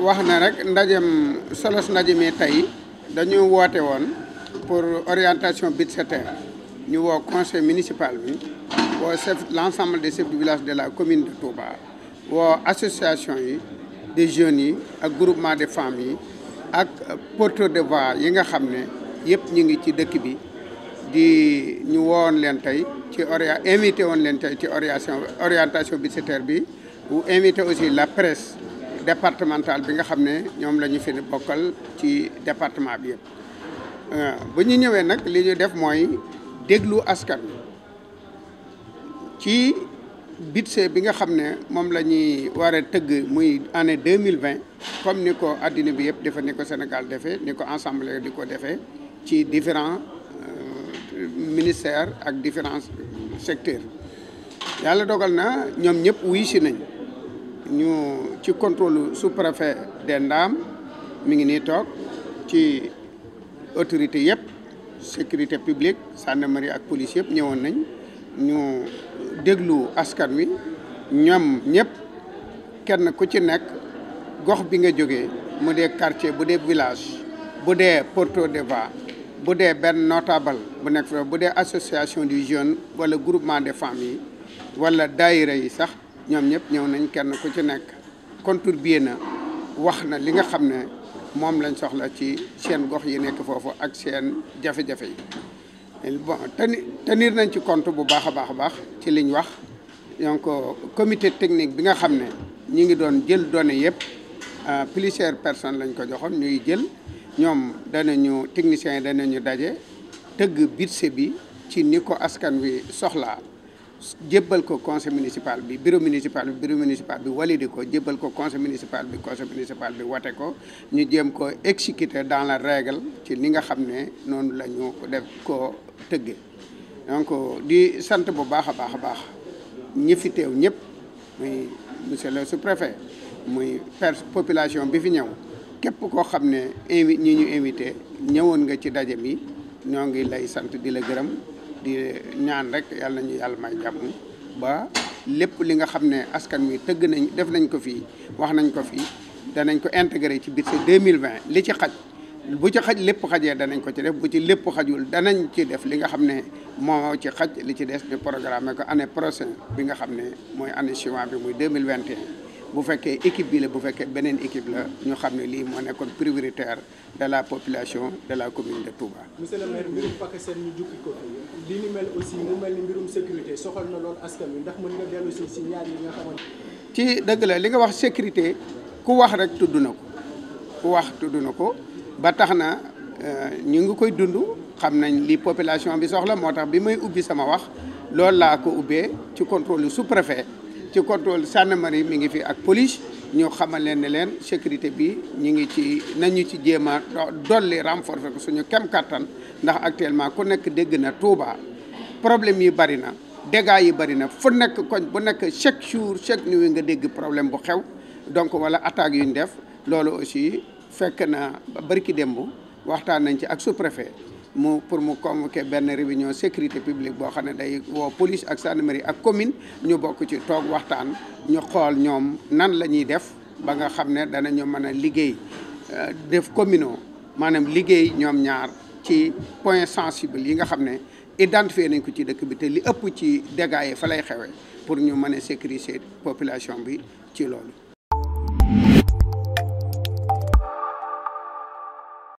wax na rek ndajem solos ndaje mi tey dañu woote woon pour orientation budgétaire ñu woo conseil municipal bi woo chef l' ensemble des chefs du village de la commune de Touba woo association yi des jeunes yi ak groupement des femmes yi ak porteur de voix yi nga xam ne yëpp ñu ngi ci dëkk bi di ñu woowoon leen tey ci oria invité woon leen ci orientation orientation budgétaire bi ou invité aussi la presse départemental bi nga xam ne ñoom la ñu fi bokkal ci département bi yëpp euh, bu ñu ñëwee nag li ñu def mooy déglu askan ci budget bi nga xam ne moom la ñuy war tëgg muy année deux mille vingt comme ni ko àddina bi yëpp defe ni ko Sénégal defee ni ko ensemble di ko defee ci différent euh, ministères ak différents secteur yàlla dogal na ñoom ñëpp wuy si nañ ñu ci contrôle sous-préfet des Ndaam mi ngi nii toog ci autorité yëpp sécurité publique gendarmerie ak police yëpp ñëwoon nañ ñu déglu askan wi ñam ñëpp kenn ku ci nekk gox bi nga jóge mu dee quartier bu dee village bu dee Porto de va bu dee benn notable bu nekk fa bu dee association du jeune wala groupement de famille wala daayira yi sax ñoom ñëpp ñëw nañ kenn ku ci nekk contribué na wax na li nga xam ne moom lañ soxla ci seen gox yi nekk foofu ak seen jafe-jafe yi bon tenir nañ ci compte bu baax a baax a baax ci liñ wax donc euh, comité technique bi nga xam ne ñu ngi doon jël données yëpp euh, plusieurs personnes lañ ko joxoon ñuy jël ñoom danañu techniciens yi danañu daje tëgg budget bi ci ni ko askan wi soxla jébbal ko conseil municipal bi bureau municipal bi bureau municipal bi validé ko jébbal ko conseil municipal bi conseil municipal bi wate ko ñu jéem ko exécuter dans la règle ci ni nga xam ne noonu la ko def koo tëggee donc di sant bu baax a baax a baax ñi fi teew ñëpp muy monsieur le sous-préfet muy per population bi fi ñëw képp koo xam ne invi ñi ñu invité ñëwoon nga ci daje bi ñoo ngi lay sant di la gërëm di ñaan rek yàlla nañu yàlla may jàmm ba lépp li nga xam ne askan wi tëgg nañ def nañ ko fii wax nañ ko fii danañ ko intégré ci biir ci 2020 li ci xaj bu ci xaj lépp xajee danañ ko ci def bu ci lépp xajul danañ ci def li nga xam ne moo ci xaj li ci des di programme ko année prochaine bi nga xam ne mooy année suivante bi muy 2021 bu fekkee équipe bi la bu fekkee beneen équipe la ñu xam ne lii moo nekkoon prioritaire de la population de la commune de Touba. monsieur le maire mbirum Pakaseen ñu jukki ko li ni mel aussi mu mel ni mbirum sécurité soxal na lool askan wi ndax mën nga dellu si si ñaar yi ci dëgg la li nga wax sécurité ku wax rek tudd na ko ku wax tudd na ko ba tax na euh, ñu ngi koy dund xam nañ li population bi soxla moo tax bi may ubbi sama wax loolu laa ko ubbee ci contrôle sous-préfet. ci contrôle gendarmerie mi ngi fi ak police ñoo xamal leen ne leen sécurité bi ñu ngi ci nañu ci jéem a dolli renforcer ko suñu kem kattan ndax actuellement ku nekk dégg na Touba problème yi bari na dégâts yi bari na fu nekk koñ bu nekk chaque jour chaque nuit nga dégg problème bu xew donc wala attaque yu ñu def loolu aussi fekk na barki démb waxtaan nañ ci ak sous-préfet mu pour mu convoquer benn réunion sécurité publique boo xam ne day woo police ak gendarmerie ak commune ñu bokk ci toog waxtaan ñu xool ñoom nan la ñuy def ba nga xam ne danañu mën a liggéey euh, def communaux maanaam liggéey ñoom ñaar ci point sensible yi nga xam ne identifié nañ ko ci dëkk bi te li ëpp ci dégâts yi fa lay xewee pour ñu mën a sécuriser population bi ci loolu